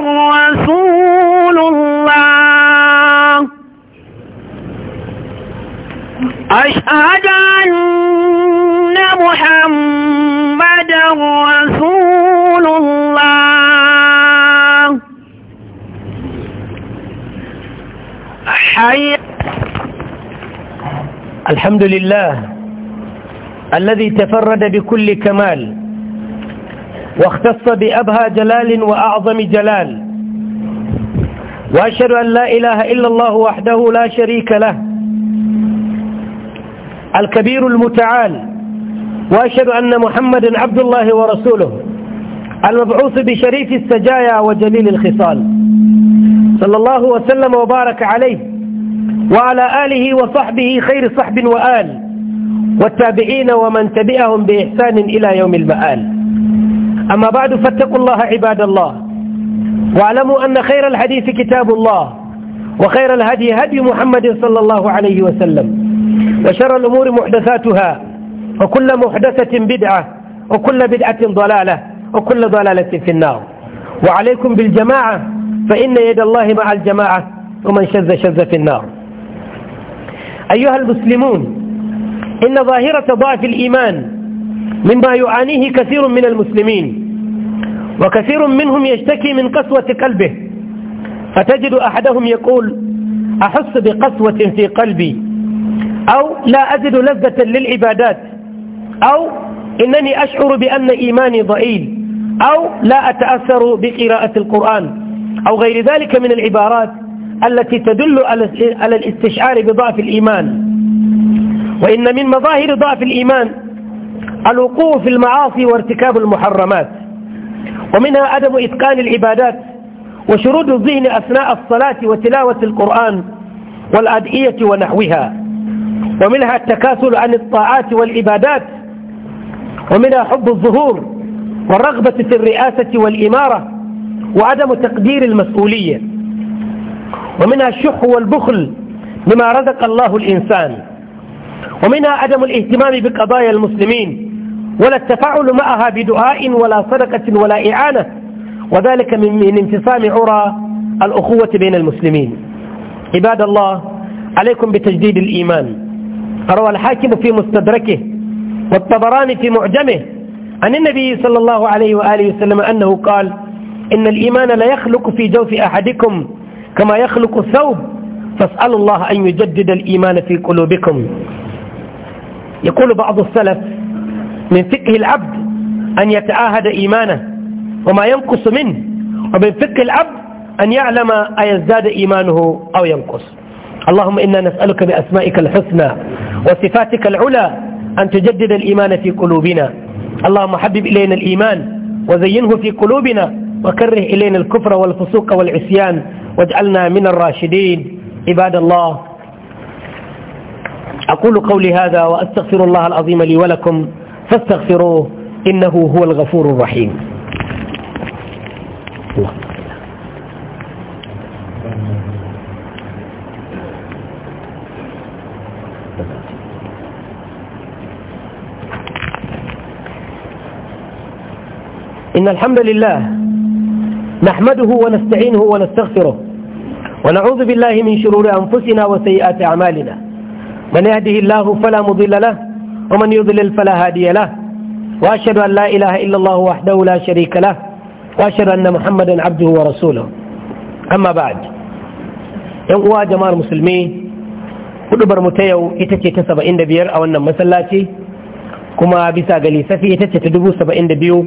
رسول الله أشهد أن محمد رسول الله حي الحمد لله الذي تفرد بكل كمال واختص بأبهى جلال وأعظم جلال وأشهد أن لا إله إلا الله وحده لا شريك له الكبير المتعال وأشهد أن محمدا عبد الله ورسوله المبعوث بشريف السجايا وجليل الخصال صلى الله وسلم وبارك عليه وعلى آله وصحبه خير صحب وآل والتابعين ومن تبعهم بإحسان إلى يوم المآل أما بعد فاتقوا الله عباد الله واعلموا أن خير الحديث كتاب الله وخير الهدي هدي محمد صلى الله عليه وسلم وشر الأمور محدثاتها وكل محدثة بدعة وكل بدعة ضلالة وكل ضلالة في النار وعليكم بالجماعة فإن يد الله مع الجماعة ومن شذ شذ في النار أيها المسلمون إن ظاهرة ضعف الإيمان مما يعانيه كثير من المسلمين وكثير منهم يشتكي من قسوة قلبه فتجد أحدهم يقول أحس بقسوة في قلبي أو لا أجد لذة للعبادات أو إنني أشعر بأن إيماني ضئيل أو لا أتأثر بقراءة القرآن أو غير ذلك من العبارات التي تدل على الاستشعار بضعف الإيمان وإن من مظاهر ضعف الإيمان الوقوع في المعاصي وارتكاب المحرمات ومنها عدم إتقان العبادات وشرود الذهن أثناء الصلاة وتلاوة القرآن والأدئية ونحوها ومنها التكاسل عن الطاعات والعبادات ومنها حب الظهور والرغبة في الرئاسة والإمارة وعدم تقدير المسؤولية ومنها الشح والبخل بما رزق الله الإنسان ومنها عدم الاهتمام بقضايا المسلمين ولا التفاعل معها بدعاء ولا صدقة ولا إعانة وذلك من انفصام عرى الأخوة بين المسلمين عباد الله عليكم بتجديد الإيمان روى الحاكم في مستدركه والطبراني في معجمه عن النبي صلى الله عليه وآله وسلم أنه قال إن الإيمان لا يخلق في جوف أحدكم كما يخلق الثوب فاسألوا الله أن يجدد الإيمان في قلوبكم يقول بعض السلف من فقه العبد أن يتعاهد إيمانه وما ينقص منه ومن فقه العبد أن يعلم أيزداد إيمانه أو ينقص اللهم إنا نسألك بأسمائك الحسنى وصفاتك العلى أن تجدد الإيمان في قلوبنا اللهم حبب إلينا الإيمان وزينه في قلوبنا وكره إلينا الكفر والفسوق والعصيان واجعلنا من الراشدين عباد الله أقول قولي هذا وأستغفر الله العظيم لي ولكم فاستغفروه إنه هو الغفور الرحيم إن الحمد لله نحمده ونستعينه ونستغفره ونعوذ بالله من شرور أنفسنا وسيئات أعمالنا من يهده الله فلا مضل له ومن يضلل فلا هادي له وأشهد أن لا إله إلا الله وحده لا شريك له وأشهد أن محمدا عبده ورسوله أما بعد ينقوى جماعة المسلمين hudubar mu ta yau ita ce ta saba'in da biyar a wannan masallaci kuma bisa ga lissafi ita ce ta dubu saba'in da biyu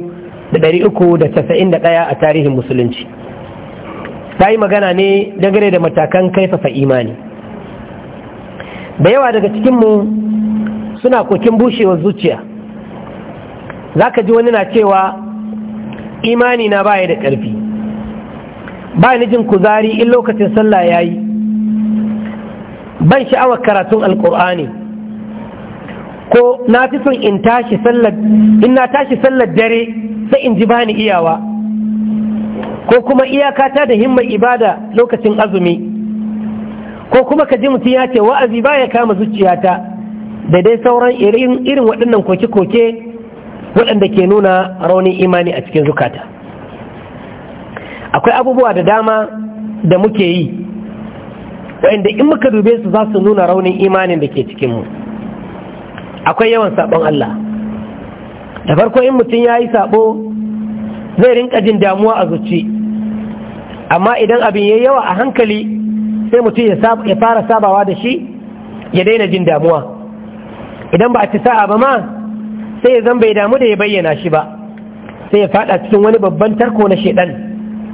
da ɗari uku da casa'in da ɗaya a tarihin musulunci ta yi magana ne dangane da matakan kaifafa imani da yawa daga cikinmu suna kokin bushewar zuciya za ka ji wani na cewa imani na baya da ƙarfi ba ni jin kuzari in lokacin sallah ya yi ban sha'awar karatun Alƙur'ani. ko na fi son in na tashi sallar dare sai in ji bani iyawa ko kuma iyakata da himmar ibada lokacin azumi ko kuma ka ji mutum ya ce wa'azi baya kama zuciyata da dai sauran irin waɗannan koke-koke waɗanda ke nuna raunin imani a cikin zukata akwai abubuwa da dama da muke yi waɗanda in muka dube su za su nuna raunin imanin da ke cikinmu akwai yawan saɓon Allah da farko in mutum ya yi saɓo zai rinka jin damuwa a zuci amma idan abin ya yawa a hankali sai mutum ya fara sabawa da shi ya daina jin damuwa idan ba a ci sa'a ba ma sai ya zan bai damu da ya bayyana shi ba sai ya fada cikin wani babban tarko na shedan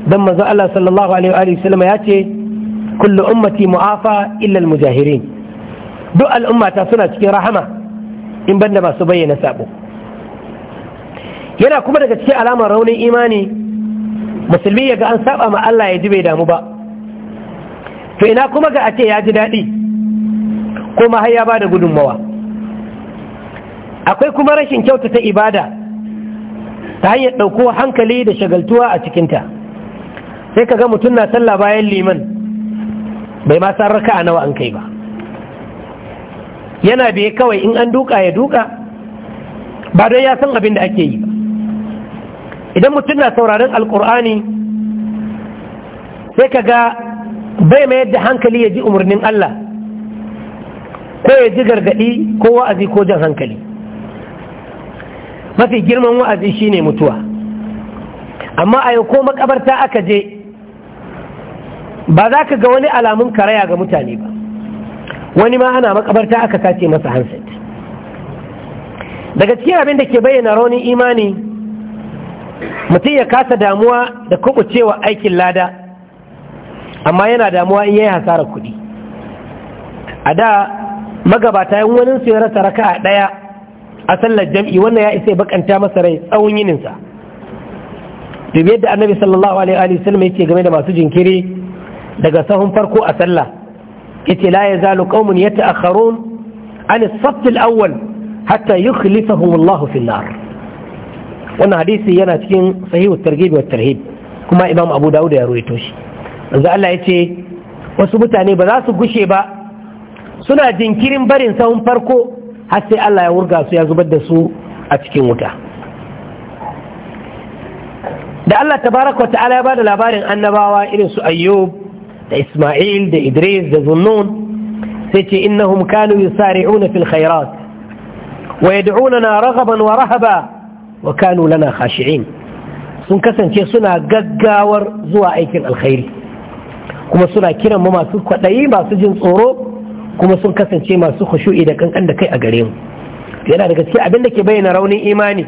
dan manzo Allah sallallahu alaihi wa sallam ya ce kullu ummati mu'afa illal al-mujahirin duk al'ummata suna cikin rahama in banda masu bayyana sabo yana kuma daga cikin alamar raunin imani musulmi ya ga an saba ma Allah ya ji bai damu ba to ina kuma ga a ce ya ji daɗi ko ma har ya ba da gudunmawa akwai kuma rashin kyautata ibada ta hanyar ɗauko hankali da shagaltuwa a cikinta sai ka ga mutum na sallah bayan liman bai ma san raka a nawa an kai ba yana biye kawai in an duka ya duka ba don ya san abin da ake yi ba idan mutum na sauraron alkur'ani sai ka ga bai mayar da hankali ya ji umarnin Allah ko ya ji gargaɗi ko wa'azi ko jan hankali mafi girman wa'azi shine mutuwa amma a yau ko makabarta aka je ba za ka ga wani alamun karaya ga mutane ba wani ma ana makabarta aka sace masa hanset daga cikin abin da ke bayyana raunin imani mutum ya kasa damuwa da kubucewa aikin lada amma yana damuwa in yi hasarar kudi a da magabata yin wani su ya rasa raka a ɗaya a sallar jam'i wannan ya isa bakanta masa rai tsawon yininsa dubi yadda annabi sallallahu alaihi wa sallam yake game da masu jinkiri daga sahun farko a sallah yace la yazalu qaumun yata'akharun an as-saff al-awwal hatta yukhlifahum Allah fi an-nar wannan hadisi yana cikin sahihu targhib wa tarhib kuma imam abu dawud ya ruwaito shi yanzu Allah yace wasu mutane ba za su gushe ba suna jinkirin barin sahun farko har sai Allah ya wurga su ya zubar da su a cikin wuta da Allah tabaraka ta'ala ya bada labarin annabawa irin su ayyub da isma'il da idris da zunnun sai ce innahum kanu yusari'una fil khairat wa yad'unana raghaban wa rahaba wa kanu lana khashi'in sun kasance suna gaggawar zuwa aikin alkhairi kuma suna kiran mu masu kwaɗayi masu jin tsoro kuma sun kasance masu khushu'i da kankan da kai a gare mu yana daga cikin abin da ke bayyana raunin imani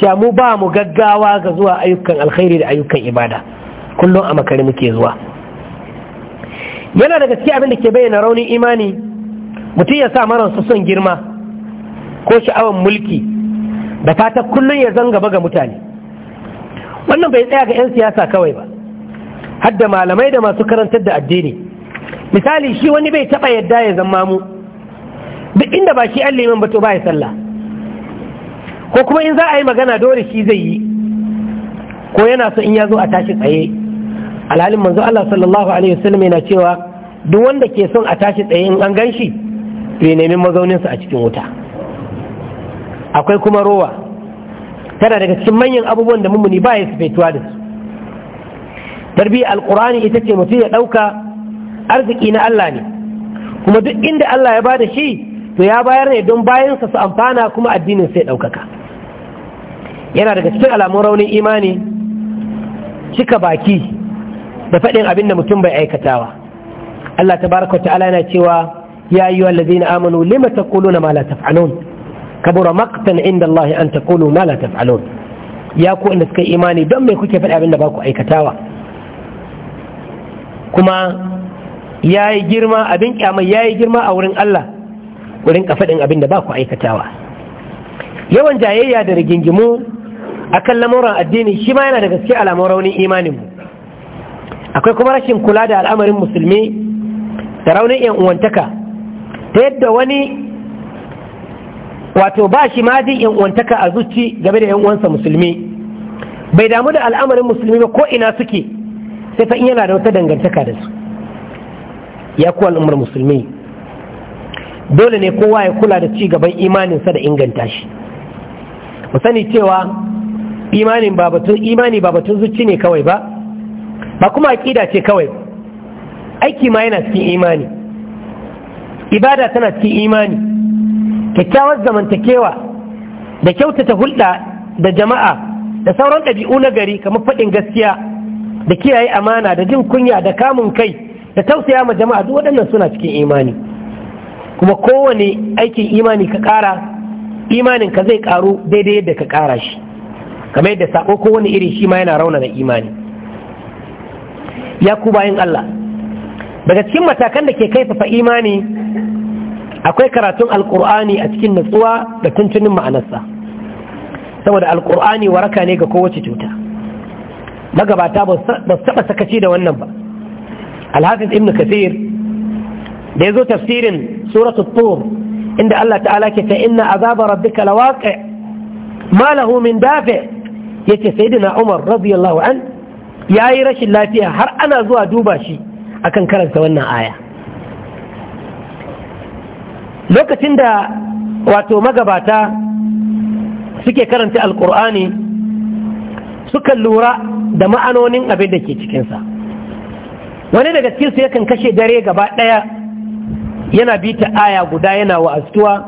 cewa mu ba mu gaggawa ga zuwa ayyukan alkhairi da ayyukan ibada kullum a makare muke zuwa yana daga cikin abin da ke bayyana raunin imani mutum ya sa su son girma ko sha'awar mulki da fata kullum ya zan gaba ga mutane wannan bai tsaya ga 'yan siyasa kawai ba hadda malamai da masu karantar da addini misali shi wani bai taɓa yadda ya zama mu duk inda ba shi an liman ba to ba ya sallah ko kuma in za a yi magana dole shi zai yi ko yana so in ya zo a tashi tsaye alhalin manzo Allah sallallahu alaihi wasallam yana cewa duk wanda ke son a tashi tsaye in an gan shi to ya mazaunin sa a cikin wuta akwai kuma rowa tana daga cikin manyan abubuwan da mummuni ba ya sufaituwa da su tarbiyyar Alqurani ita ce mutum ya ɗauka arziki na Allah ne kuma duk inda Allah ya ba da shi to ya bayar ne don bayansa su amfana kuma addinin sai ɗaukaka yana daga cikin alamun raunin imani cika baki da faɗin abin da mutum bai aikatawa Allah ta baraka ta'ala yana cewa ya yi wa lazina amanu lima ta na ma la taf'alun kabura maqtan inda Allah an ta ma la taf'alun ya ku inda suka imani don me kuke faɗi abin da ba ku aikatawa kuma ya yi girma abin kyamai ya yi girma a wurin Allah wurin kafaɗin abin da ba ku aikatawa yawan jayayya da rigingimu a kan lamuran addini shi ma yana da gaske alamun raunin imaninmu akwai kuma rashin kula da al'amarin musulmi da raunin yan uwantaka ta yadda wani wato ba shi ma zai yan uwantaka a zuci game da yan uwansa musulmi bai damu da al'amarin musulmi ba ko ina suke sai fa in yana da wata dangantaka da su ya kuwa al'ummar musulmi dole ne kowa ya kula da ci gaban imaninsa da inganta shi mu sani cewa imanin babatun imani babatun zuci ne kawai ba ba kuma aƙida ce kawai aiki ma yana cikin imani ibada tana cikin imani kyakkyawar zamantakewa da kyautata hulɗa da jama'a da sauran ɗabi'u na gari kamar faɗin gaskiya da kiyaye amana da jin kunya da kamun kai da tausaya ma jama'a duk waɗannan suna cikin imani kuma kowane aikin imani ka ƙara imanin ka zai ƙaru daidai yadda ka ƙara shi kamar yadda sako kowane iri shi ma yana rauna da imani ya ku bayan Allah daga cikin matakan da ke kaifafa imani akwai karatun alkur'ani a cikin natsuwa da tuntunin ma'anarsa saboda alkur'ani waraka ne ga kowace cuta magabata ba su taɓa sakaci da wannan ba alhafiz ibn kathir da ya zo tafsirin suratu tur inda Allah ta'ala ke ta inna azaba rabbika lawaqi ma lahu min dafi yace sayyidina Umar radiyallahu an yayi rashin lafiya har ana zuwa duba shi akan karanta wannan aya lokacin da wato magabata suke karanta alkur'ani suka lura da ma'anonin abin da ke cikinsa wani daga cikin su yakan kashe dare gaba ɗaya yana bi ta aya guda yana wa'azuwa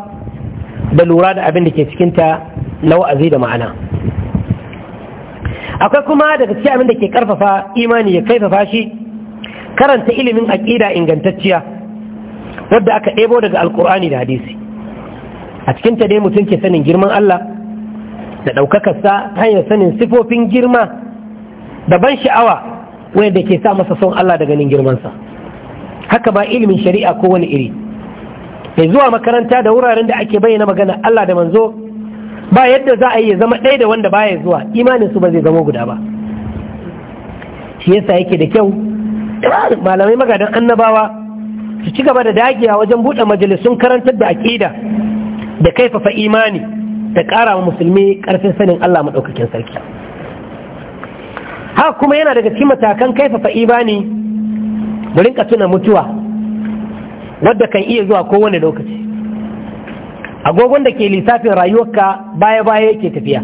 da lura da abin da ke cikinta na wa'azi da ma'ana akwai kuma daga cikin abin da ke karfafa imani ya kaifafa shi karanta ilimin aƙida ingantacciya wadda aka ɗebo daga alkur'ani da hadisi a cikin ta dai mutum ke sanin girman Allah da ɗaukakarsa ta hanyar sanin sifofin girma da ban sha'awa wanda ke sa masa son Allah da ganin girmansa haka ba ilimin shari'a ko wani iri mai zuwa makaranta da wuraren da ake bayyana magana Allah da manzo ba yadda za a yi zama ɗaya da wanda baya zuwa imanin su ba zai zama guda ba shi yasa yake da kyau malamai magadan annabawa su ci gaba da dagiya wajen buɗe majalisun karantar da aƙida da kaifafa imani da ƙara musulmi ƙarfin sanin Allah maɗaukakin sarki haka kuma yana daga cikin matakan kaifafa imani da rinka tuna mutuwa wadda kan iya zuwa kowane lokaci agogon da ke lissafin rayuwarka baya-baya yake tafiya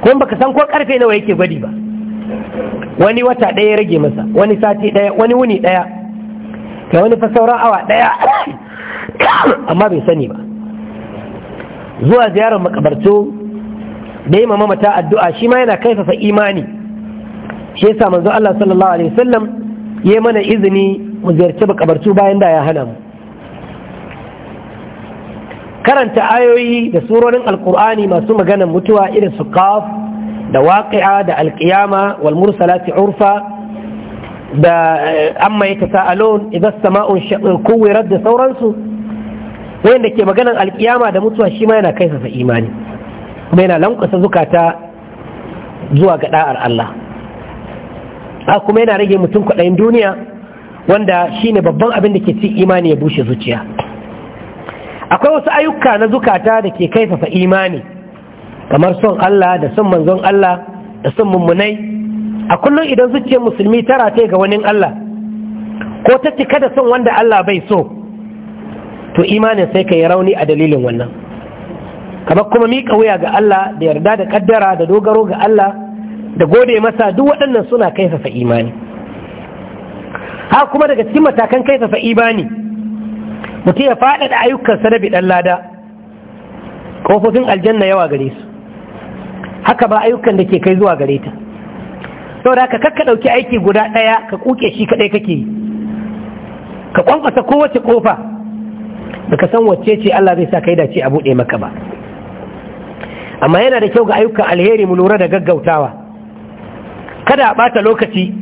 kuma baka san ko karfe nawa yake gwadi ba wani wata ɗaya rage masa wani sati daya wani wuni ɗaya ka wani fa sauran awa ɗaya amma bai sani ba zuwa ziyarar makabartu. Dai ma mamata addu'a shi ma yana kaifafa imani shi yasa manzo Allah sallallahu alaihi wasallam ya mana izini mu ziyarci makabartu bayan da ya hana mu karanta ayoyi da surorin alkur'ani masu maganar mutuwa irin su qaf da waqi'a da alqiyama wal mursalati urfa da eh, amma yatasaalun idan sama'un kuwirat da sauransu wanda ke maganar alkiyama da mutuwa shi ma yana kaifafa imani kuma yana lankwasa zukata zuwa ga da'ar Allah a kuma yana rage mutum kwaɗayin duniya wanda shine babban abin da ke ci imani ya bushe zuciya akwai wasu ayyuka na zukata da ke kaifafa imani kamar son Allah da son manzon Allah da son mummunai a kullum idan zuciyar musulmi tara ta ga wani Allah ko ta cika da son wanda Allah bai so to imanin sai ka yi rauni a dalilin wannan kamar kuma miƙa wuya ga Allah da yarda da kaddara da dogaro ga Allah da gode masa duk waɗannan suna kaifafa imani ha kuma daga cikin matakan kaifafa imani mutum ya da ayyukansa na biɗan lada kofofin aljanna yawa gare su haka ba ayyukan da ke kai zuwa gare ta saboda haka ka ɗauki aiki guda ɗaya ka kuke shi kaɗai kake yi ka kwankwasa kowace ƙofa baka san wacce ce Allah zai sa kai dace a buɗe maka ba amma yana da kyau ga ayyukan alheri mu lura da gaggautawa kada a ɓata lokaci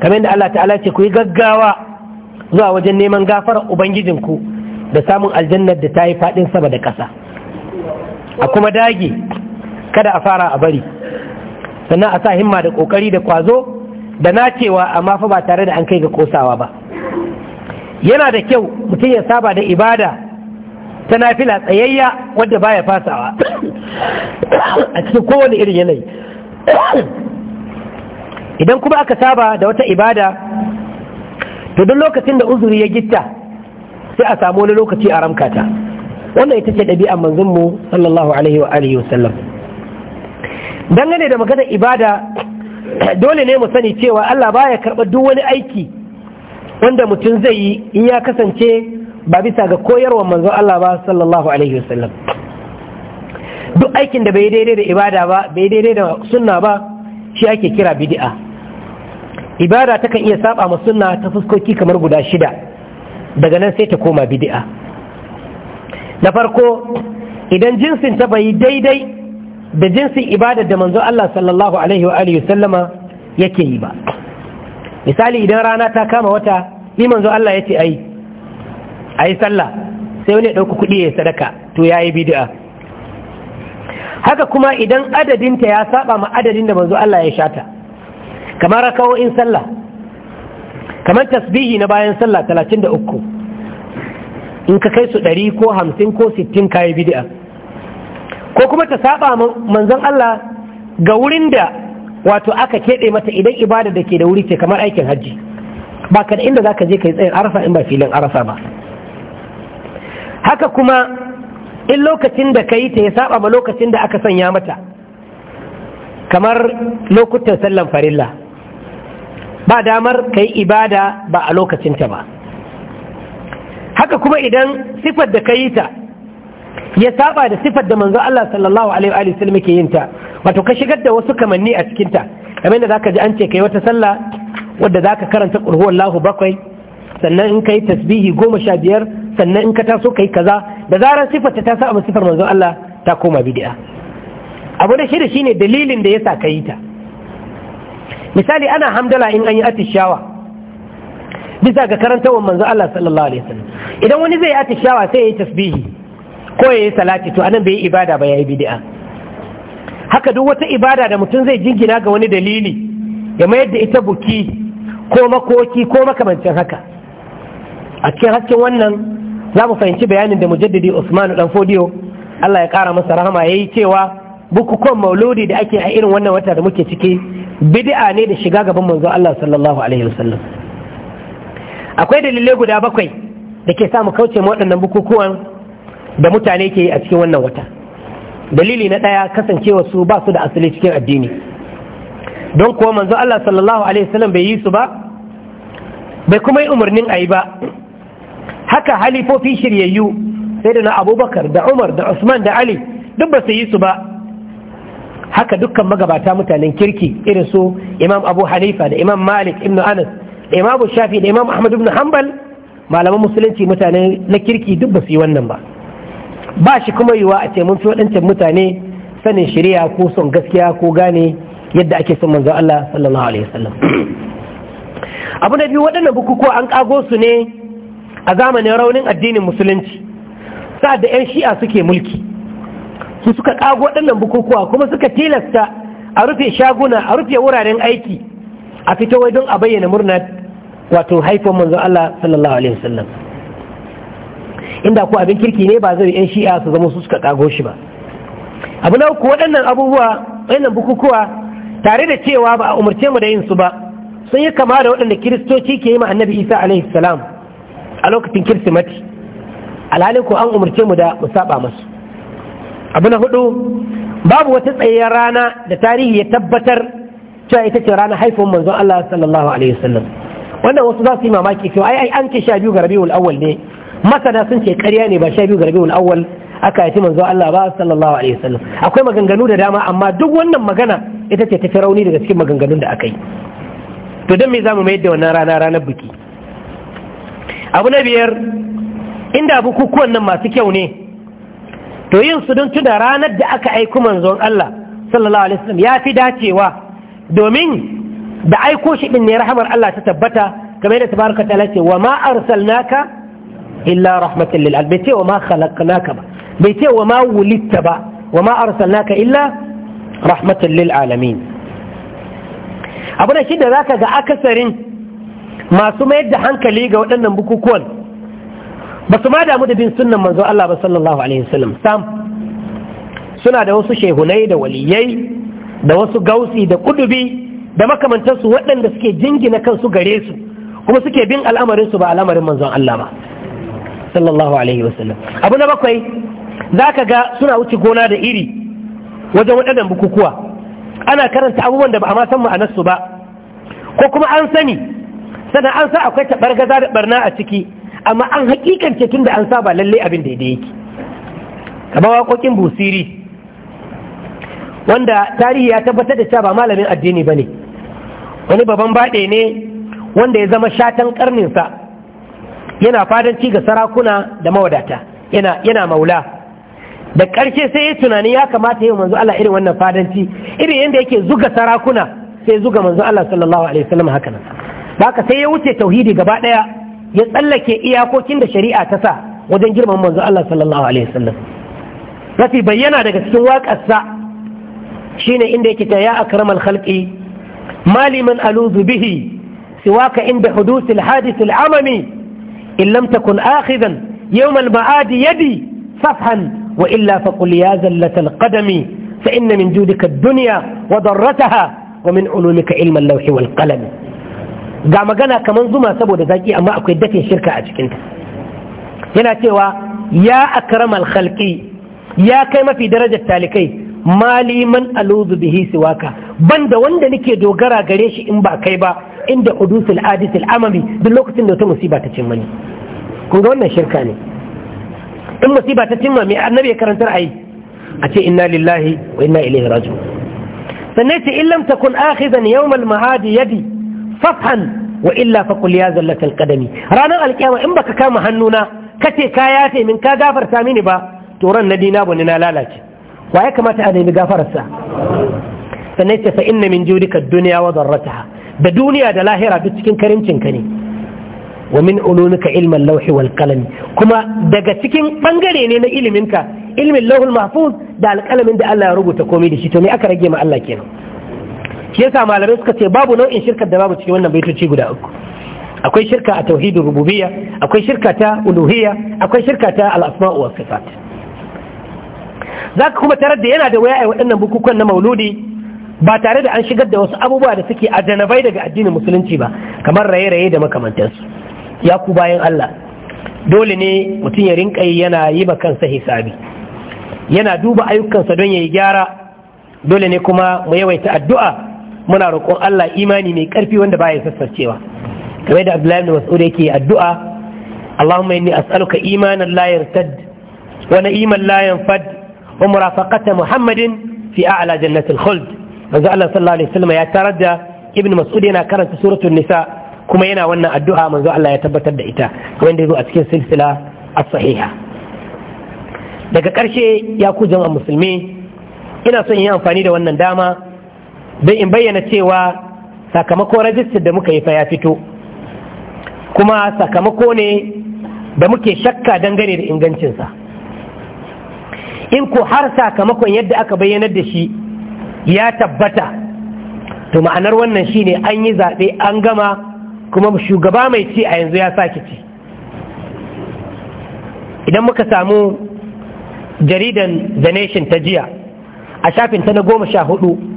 kamar da Allah ta'ala ce ku yi gaggawa zuwa wajen neman gafarar ubangijinku da samun aljannar da ta yi faɗin sama da ƙasa a kuma dage kada a fara a bari sannan a sa himma da ƙoƙari da kwazo da nacewa amma fa ba tare da an kai ga kosawa ba yana da kyau mutum ya saba da ibada ta nafila tsayayya wadda baya fasawa a cikin kowane irin yanayi idan kuma aka saba da wata ibada to duk lokacin da uzuri ya gitta sai a samu wani lokaci a ramkata wannan ita ce ɗabi'ar manzonmu sallallahu alaihi wa alihi wasallam dangane da maganar ibada dole ne mu sani cewa Allah baya karɓar duk wani aiki wanda mutum zai yi in ya kasance ba bisa ga koyarwa manzon Allah ba sallallahu alaihi wasallam duk aikin da bai daidai da ibada ba bai daidai da sunna ba shi ake kira bid'a ibada ta kan iya saba ma sunna ta fuskoki kamar guda shida daga nan sai ta koma bid'a na farko idan jinsin ta bai daidai da jinsin ibada da manzon Allah sallallahu alaihi wa alihi sallama yake yi ba misali idan rana ta kama wata ni manzo Allah yace ai a yi sallah sai wani ya ɗauka kuɗi ya sadaka to ya yi bid'a haka kuma idan adadinta ya saba ma adadin da manzo Allah ya shata kamar 'in sallah kamar tasbihi na bayan sallah talatin da uku in ka kai su ɗari ko hamsin ko sittin ka kayi bid'a ko kuma ta saba manzon Allah ga wurin da wato aka keɓe mata idan ibada da ke da wuri ce kamar aikin hajji ba ka da inda za ka je ka yi tsayin arafa in ba filin arafa ba haka kuma in lokacin da ka yi ta ya saba ma lokacin da aka sanya mata kamar lokutan sallan farilla ba damar ka yi ibada ba a lokacinta ba haka kuma idan sifar da ka yi ta ya saba da sifar da manzo Allah sallallahu alaihi Wasallam ke yin ta wato ka shigar da wasu kamanni a cikin ta kamar da zaka ji an ce yi wata sallah wadda zaka karanta qul huwallahu bakwai sannan in kai tasbihi goma sha biyar sannan in ka taso kai kaza da zarar sifar ta taso a sifar manzon Allah ta koma bid'a abu da shida shine dalilin da yasa kai ta misali ana hamdala in an yi atishawa bisa ga karantawar manzon Allah sallallahu alaihi wasallam idan wani zai yi atishawa sai ya yi tasbihi ko ya yi salati to anan bai yi ibada ba ya yi bid'a haka duk wata ibada da mutum zai jingina ga wani dalili ya mayar da ita buki ko makoki ko makamancin haka a cikin hasken wannan za mu fahimci bayanin da mujaddidi Usman dan Fodiyo Allah ya kara masa rahama yi cewa bukukuwan mauludi da ake a irin wannan wata da muke ciki bid'a ne da shiga gaban manzo Allah sallallahu alaihi wasallam akwai dalilai guda bakwai da ke samu kauce ma waɗannan bukukuwan da mutane ke yi a cikin wannan wata dalili na ɗaya kasancewa su ba su da asali cikin addini don kuwa manzo Allah sallallahu alaihi wasallam bai yi su ba bai kuma yi umarnin a yi ba haka halifofi shiryayyu sai da na abubakar da umar da usman da ali duk ba su yi su ba haka dukkan magabata mutanen kirki irin su imam abu hanifa da imam malik ibn anas da imam shafi da imam ahmad ibn hanbal malaman musulunci mutane na kirki duk ba su yi wannan ba ba shi kuma yiwa a ce mun fi waɗancan mutane sanin shari'a ko son gaskiya ko gane yadda ake son manzo Allah sallallahu alaihi wasallam abu na biyu waɗannan bukukuwa an kago su ne a zamanin raunin addinin musulunci sa'ad da 'yan shi'a suke mulki su suka kago waɗannan bukukuwa kuma suka tilasta a rufe shaguna a rufe wuraren aiki a fito wai don a bayyana murna wato haifon manzon Allah sallallahu alaihi wasallam inda ku abin kirki ne ba zai 'yan shi'a su zama su suka kago shi ba abu na uku waɗannan abubuwa waɗannan bukukuwa tare da cewa ba a umarce mu da yin su ba sun yi kama da waɗanda kiristoci ke yi ma annabi isa alaihi salam a lokacin kirsimati alhalin ko an umarce mu da musaba masu abu na hudu babu wata tsayayyar rana da tarihi ya tabbatar cewa ita ce ranar haifuwar manzon Allah sallallahu alaihi wasallam wannan wasu za su yi mamaki cewa ai ai an ce sha biyu ga rabiul awwal ne masana sun ce ƙarya ne ba sha biyu ga rabiul awwal aka yi manzon Allah ba sallallahu alaihi wasallam akwai maganganu da dama amma duk wannan magana ita ce ta fi rauni daga cikin maganganun da aka yi to dan me zamu mayar da wannan rana ranar biki abu na biyar inda bukukuwan nan masu kyau ne to yin su don tuna ranar da aka aiko manzon Allah sallallahu alaihi wasallam ya fi dacewa domin da aiko shi din ne rahamar Allah ta tabbata kamar yadda tabaraka ta ce wa ma arsalnaka illa rahmatan lil alamin ce wa ma khalaqnaka ba bai ce wa ma wulitta ba wa ma arsalnaka illa rahmatan lil alamin abu da shi da zaka ga akasarin masu mayar da hankali ga waɗannan bukukuwan ba su ma damu da bin sunan manzo Allah ba sallallahu alaihi wasallam sam suna da wasu shehunai da waliyai da wasu gausi da kudubi da makamantansu waɗanda suke jingina kansu gare su kuma suke bin al'amarin su ba al'amarin manzon Allah ba sallallahu alaihi wasallam abu na bakwai zaka ga suna wuce gona da iri wajen waɗannan bukukuwa ana karanta abubuwan da ba a ma san ma'anarsu ba ko kuma an sani sannan an sa akwai gaza da barna a ciki amma an hakikance tun da an sa ba lalle abin da yake kamar waƙoƙin busiri wanda tarihi ya tabbatar da cewa ba malamin addini ba ne wani baban baɗe ne wanda ya zama shatan sa yana ci ga sarakuna da mawadata yana maula da ƙarshe sai ya tunani ya kamata yi manzo Allah irin wannan fadanci irin yadda yake zuga sarakuna sai zuga manzo Allah sallallahu alaihi wasallam haka nan haka sai ya wuce tauhidi gaba ɗaya ya tsallake iyakokin da shari'a ta sa wajen girman manzo Allah sallallahu alaihi wasallam mafi bayyana daga cikin waƙarsa shine inda yake ta ya akramal khalqi maliman aluzu bihi siwaka inda hudusi alhadith al'amami in lam takun akhidan yawm al-ma'adi yadi safhan wa illa faqul ya zallat al-qadami fa inna min judika ad-dunya wa darrataha wa min wal ga magana kamar zuma saboda zaki amma akwai dafin shirka a cikinta yana cewa ya akramal khalqi ya kai mafi darajar talikai mali man aluzu bihi siwaka banda wanda nake dogara gare shi in ba kai ba inda hudusul adisul amami duk lokacin da wata musiba ta cin mani kun ga wannan shirka ne in musiba ta cimma mai annabi ya karantar ayi a ce inna lillahi wa inna ilaihi raji'un sannan ce in lam takun akhizan yawm al mahadi yadi fathan wa illa fa qul ya zallatal ranar alkiyama in baka kama hannuna kace ka yafe min ka gafarta mini ba to ran na dina bani na lalace wa ya kamata a nemi gafararsa sanai ce fa inna min judika dunya wa darrataha da duniya da lahira duk cikin karimcinka ne wa min ulumika ilmin lauhi wal kuma daga cikin bangare ne na iliminka ilmin lauhul mahfuz da alƙalamin da Allah ya rubuta komai da shi to me aka rage ma Allah kenan shi yasa malamai suka ce babu nau'in shirkar da babu cikin wannan baitoci guda uku akwai shirka a tauhidin rububiyya akwai shirka ta uluhiyya akwai shirka ta al'asma'u wa sifat zaka kuma tarar da yana da waya a waɗannan bukukuwan na mauludi ba tare da an shigar da wasu abubuwa da suke ajanabai daga addinin musulunci ba kamar raye-raye da makamantansu ya ku bayan Allah dole ne mutum ya rinka yana yi ba kansa hisabi yana duba ayyukansa don ya yi gyara dole ne kuma mu yawaita addu'a muna roƙon Allah imani mai ƙarfi wanda baya sassarcewa kamar da Abdullahi ibn Mas'ud yake addu'a Allahumma inni as'aluka imanan la yartad wa na'iman la yanfad wa murafaqata Muhammadin fi a'la jannatil khuld manzo Allah sallallahu alaihi wasallam ya tarar da ibn Mas'ud yana karanta suratul nisa kuma yana wannan addu'a manzo Allah ya tabbatar da ita kamar da yazo a cikin silsila as-sahiha daga ƙarshe ya ku jama'a musulmi ina son yi amfani da wannan dama don in bayyana cewa sakamako rajistar da muka yi fa ya fito kuma sakamako ne da muke shakka dangane da ingancinsa in ko har sakamakon yadda aka bayyanar da shi ya tabbata to ma'anar wannan shine an yi zaɓe an gama kuma shugaba mai ci a yanzu ya sake ci idan muka samu jaridan the nation ta jiya a shafin ta na goma sha hudu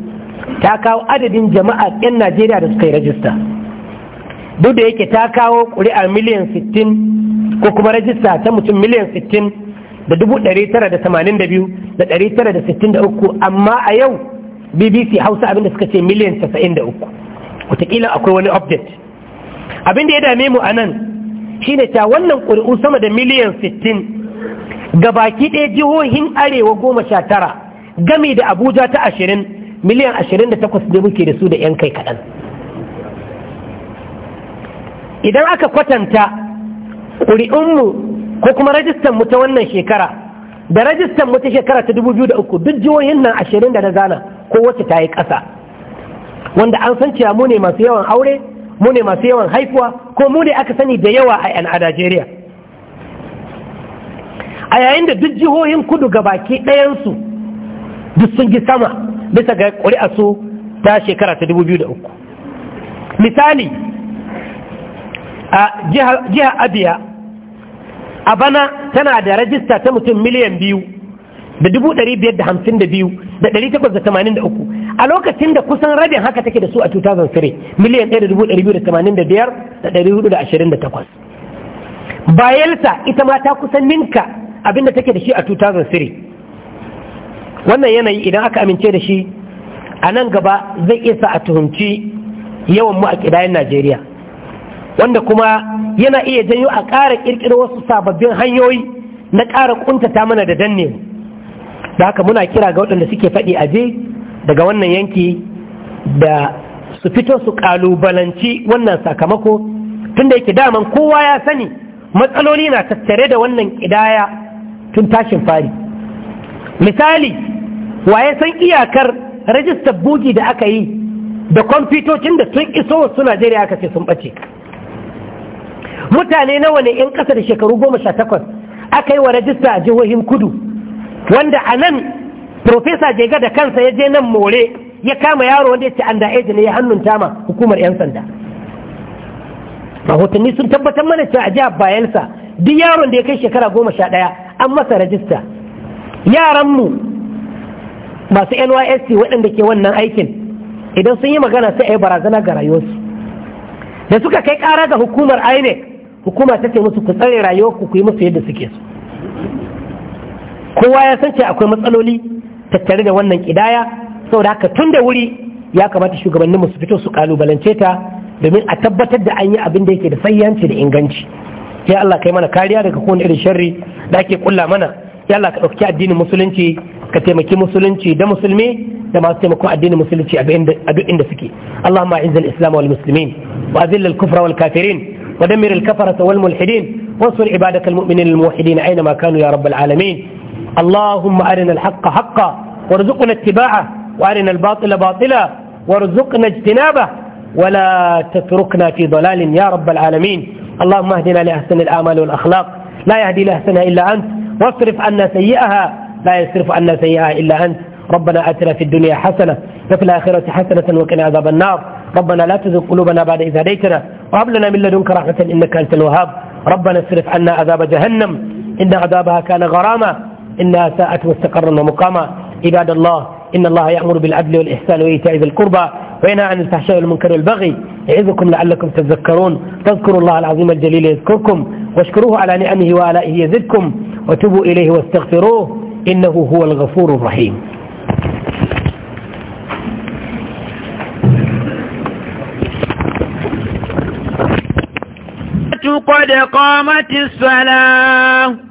ta kawo adadin jama'a 'yan najeriya da suka yi rajista duk da yake ta kawo ƙuri'a miliyan 60 ko kuma rajista ta mutum miliyan 60 da da uku, amma a yau bbc hausa abinda suka ce miliyan 93 wataƙila akwai wani update abinda ya dame mu a nan shine ta wannan ƙuri'u sama da miliyan sittin, ga baki ɗaya jihohin arewa goma sha tara gami da abuja ta ashirin miliyan 28 ne muke da su da 'yan kai kaɗan idan aka kwatanta ƙuri'unmu ko kuma rajistan mu ta wannan shekara da rajistan mu ta shekara ta 2003 duk jihohin nan 20 da na zana, ko wacce ta yi ƙasa wanda an san cewa mu ne masu yawan aure mu ne masu yawan haifuwa ko mu ne aka sani da yawa a Najeriya a yayin da duk jihohin kudu ga baki ɗayansu duk sun gi sama bisa ga ƙuri'a su ta shekara ta 2003 misali a jihar abiya a bana tana da rajista ta mutum miliyan biyu da dubu ɗari biyar da hamsin da biyu da ɗari takwas da tamanin da uku a lokacin da kusan rabin haka take da su a 2003 miliyan ɗaya da dubu ɗari biyu da tamanin da biyar da ɗari hudu da ashirin da takwas bayelsa ita ma ta kusan ninka abinda take da shi a 2003 wannan yanayi idan aka amince da shi a nan gaba zai iya sa a tuhumci yawan mu a kidayen najeriya wanda kuma yana iya janyo a ƙara ƙirƙiro wasu sababbin hanyoyi na ƙara ƙuntata mana da danne da haka muna kira ga waɗanda suke faɗi a je daga wannan yanki da su fito su ƙalubalanci wannan sakamako tunda yake daman kowa ya sani matsaloli na tattare da wannan ƙidaya tun tashin fari misali waye san iyakar rajistar bugi da aka yi da kwamfitocin da sun iso su najeriya aka ce sun bace? mutane nawa ne 'yan ƙasa da shekaru goma sha takwas aka yi wa rajista a jihohin kudu wanda a nan profesa jega da kansa ya je nan more ya kama yaro wanda ya ce an da'aji ne ya hannun tama hukumar 'yan sanda rahotanni sun tabbatar mana cewa a jihar bayansa duk yaron da ya kai shekara goma sha ɗaya an masa rajista yaranmu masu nysc waɗanda ke wannan aikin idan sun yi magana sai a yi barazana ga rayuwarsu da suka kai ƙara ga hukumar inec hukuma ta ce musu ku tsare rayuwarku ku yi musu yadda suke su kowa ya san ce akwai matsaloli tattare da wannan kidaya saboda haka tun da wuri ya kamata shugabanninmu su fito su kalubalance ta domin a tabbatar da an yi abin da yake da sayyanci da inganci ya Allah kai mana kariya daga kowane irin sharri da ake kulla mana ya Allah ka ɗauki addinin musulunci ka taimaki musulunci da musulmi da masu taimakon addinin musulunci a duk inda suke Allahumma a'izz al-islam wal muslimin wa azil al-kufra wal kafirin wa dammir al-kafarata wal mulhidin wansur ibadaka al-mu'minin al-muwahhidin aina ma kanu ya rabb al-alamin Allahumma arina al-haqqa haqqan warzuqna ittiba'a wa arina al-batila batila warzuqna ijtinaba ولا تتركنا في ضلال يا رب العالمين اللهم اهدنا لأحسن الآمال والأخلاق لا يهدي لأحسنها إلا أنت واصرف عنا سيئها لا يصرف عنا سيئة إلا أنت ربنا أتنا في الدنيا حسنة وفي الآخرة حسنة وقنا عذاب النار ربنا لا تزغ قلوبنا بعد إذ هديتنا وهب لنا من لدنك رحمة إنك أنت الوهاب ربنا اصرف عنا عذاب جهنم إن عذابها كان غراما إنها ساءت مستقرا ومقاما عباد الله إن الله يأمر بالعدل والإحسان وإيتاء ذي القربى وينهى عن الفحشاء والمنكر والبغي يعظكم لعلكم تذكرون تذكروا الله العظيم الجليل يذكركم واشكروه على نعمه وآلائه يزدكم وتوبوا إليه واستغفروه إنه هو الغفور الرحيم قد قامت الصلاة